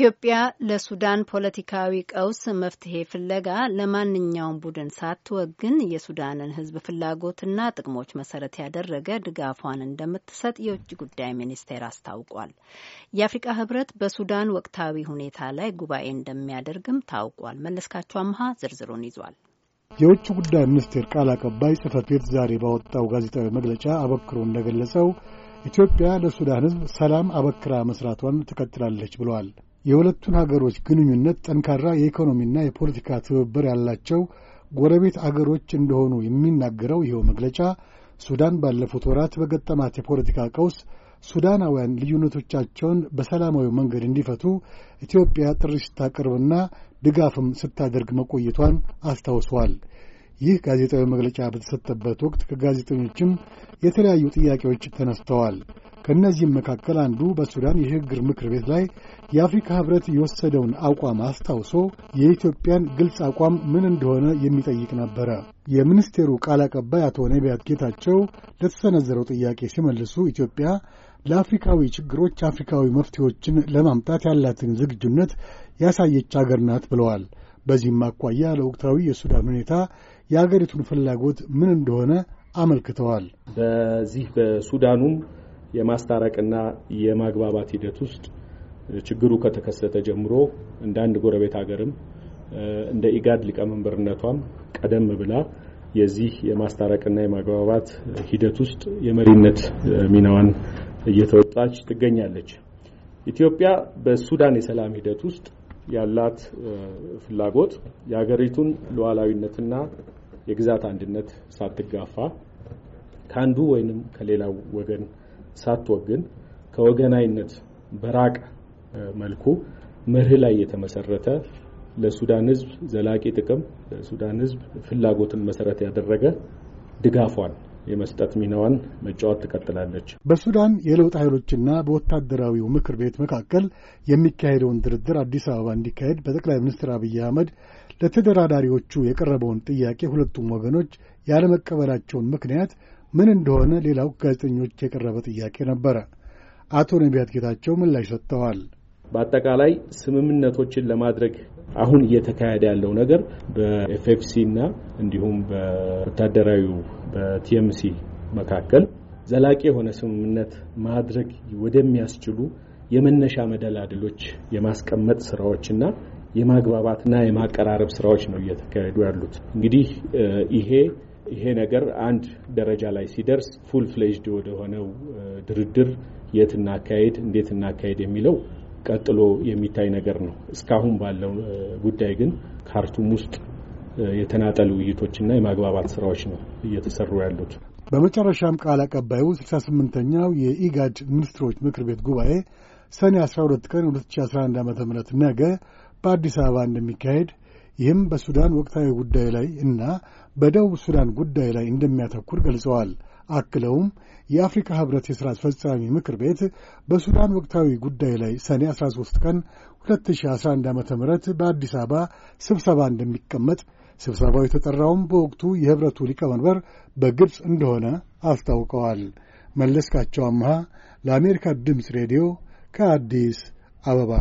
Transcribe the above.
ኢትዮጵያ ለሱዳን ፖለቲካዊ ቀውስ መፍትሄ ፍለጋ ለማንኛውም ቡድን ሳትወግን የሱዳንን ሕዝብ ፍላጎትና ጥቅሞች መሰረት ያደረገ ድጋፏን እንደምትሰጥ የውጭ ጉዳይ ሚኒስቴር አስታውቋል። የአፍሪቃ ሕብረት በሱዳን ወቅታዊ ሁኔታ ላይ ጉባኤ እንደሚያደርግም ታውቋል። መለስካቸው አምሃ ዝርዝሩን ይዟል። የውጭ ጉዳይ ሚኒስቴር ቃል አቀባይ ጽህፈት ቤት ዛሬ ባወጣው ጋዜጣዊ መግለጫ አበክሮ እንደገለጸው ኢትዮጵያ ለሱዳን ህዝብ ሰላም አበክራ መስራቷን ትቀጥላለች ብለዋል። የሁለቱን ሀገሮች ግንኙነት ጠንካራ የኢኮኖሚና የፖለቲካ ትብብር ያላቸው ጎረቤት አገሮች እንደሆኑ የሚናገረው ይኸው መግለጫ ሱዳን ባለፉት ወራት በገጠማት የፖለቲካ ቀውስ ሱዳናውያን ልዩነቶቻቸውን በሰላማዊ መንገድ እንዲፈቱ ኢትዮጵያ ጥሪ ስታቀርብና ድጋፍም ስታደርግ መቆየቷን አስታውሰዋል። ይህ ጋዜጣዊ መግለጫ በተሰጠበት ወቅት ከጋዜጠኞችም የተለያዩ ጥያቄዎች ተነስተዋል። ከእነዚህም መካከል አንዱ በሱዳን የሽግግር ምክር ቤት ላይ የአፍሪካ ህብረት የወሰደውን አቋም አስታውሶ የኢትዮጵያን ግልጽ አቋም ምን እንደሆነ የሚጠይቅ ነበረ። የሚኒስቴሩ ቃል አቀባይ አቶ ነቢያት ጌታቸው ለተሰነዘረው ጥያቄ ሲመልሱ ኢትዮጵያ ለአፍሪካዊ ችግሮች አፍሪካዊ መፍትሄዎችን ለማምጣት ያላትን ዝግጁነት ያሳየች አገር ናት ብለዋል። በዚህም አኳያ ለወቅታዊ የሱዳን ሁኔታ የአገሪቱን ፍላጎት ምን እንደሆነ አመልክተዋል። በዚህ በሱዳኑም የማስታረቅና የማግባባት ሂደት ውስጥ ችግሩ ከተከሰተ ጀምሮ እንደ አንድ ጎረቤት ሀገርም እንደ ኢጋድ ሊቀመንበርነቷም ቀደም ብላ የዚህ የማስታረቅና የማግባባት ሂደት ውስጥ የመሪነት ሚናዋን እየተወጣች ትገኛለች። ኢትዮጵያ በሱዳን የሰላም ሂደት ውስጥ ያላት ፍላጎት የሀገሪቱን ሉዓላዊነትና የግዛት አንድነት ሳትጋፋ ከአንዱ ወይንም ከሌላው ወገን ሳትወግን ከወገናይነት በራቀ መልኩ መርህ ላይ የተመሰረተ ለሱዳን ሕዝብ ዘላቂ ጥቅም ለሱዳን ሕዝብ ፍላጎትን መሰረት ያደረገ ድጋፏን የመስጠት ሚናዋን መጫወት ትቀጥላለች። በሱዳን የለውጥ ኃይሎችና በወታደራዊው ምክር ቤት መካከል የሚካሄደውን ድርድር አዲስ አበባ እንዲካሄድ በጠቅላይ ሚኒስትር አብይ አህመድ ለተደራዳሪዎቹ የቀረበውን ጥያቄ ሁለቱም ወገኖች ያለመቀበላቸውን ምክንያት ምን እንደሆነ ሌላው ጋዜጠኞች የቀረበ ጥያቄ ነበረ። አቶ ነቢያት ጌታቸው ምላሽ ሰጥተዋል። በአጠቃላይ ስምምነቶችን ለማድረግ አሁን እየተካሄደ ያለው ነገር በኤፍኤፍሲ እና እንዲሁም በወታደራዊው በቲኤምሲ መካከል ዘላቂ የሆነ ስምምነት ማድረግ ወደሚያስችሉ የመነሻ መደላድሎች የማስቀመጥ ስራዎችና የማግባባትና የማቀራረብ ስራዎች ነው እየተካሄዱ ያሉት። እንግዲህ ይሄ ይሄ ነገር አንድ ደረጃ ላይ ሲደርስ ፉል ፍሌጅድ ወደሆነው ድርድር የት እናካሄድ፣ እንዴት እናካሄድ የሚለው ቀጥሎ የሚታይ ነገር ነው። እስካሁን ባለው ጉዳይ ግን ካርቱም ውስጥ የተናጠሉ ውይይቶችና የማግባባት ስራዎች ነው እየተሰሩ ያሉት። በመጨረሻም ቃል አቀባዩ 68ኛው የኢጋድ ሚኒስትሮች ምክር ቤት ጉባኤ ሰኔ 12 ቀን 2011 ዓ ም ነገ በአዲስ አበባ እንደሚካሄድ ይህም በሱዳን ወቅታዊ ጉዳይ ላይ እና በደቡብ ሱዳን ጉዳይ ላይ እንደሚያተኩር ገልጸዋል። አክለውም የአፍሪካ ህብረት የሥራ አስፈጻሚ ምክር ቤት በሱዳን ወቅታዊ ጉዳይ ላይ ሰኔ 13 ቀን 2011 ዓ ም በአዲስ አበባ ስብሰባ እንደሚቀመጥ ስብሰባው የተጠራውም በወቅቱ የህብረቱ ሊቀመንበር በግብፅ እንደሆነ አስታውቀዋል። መለስካቸው አምሃ ለአሜሪካ ድምፅ ሬዲዮ ከአዲስ አበባ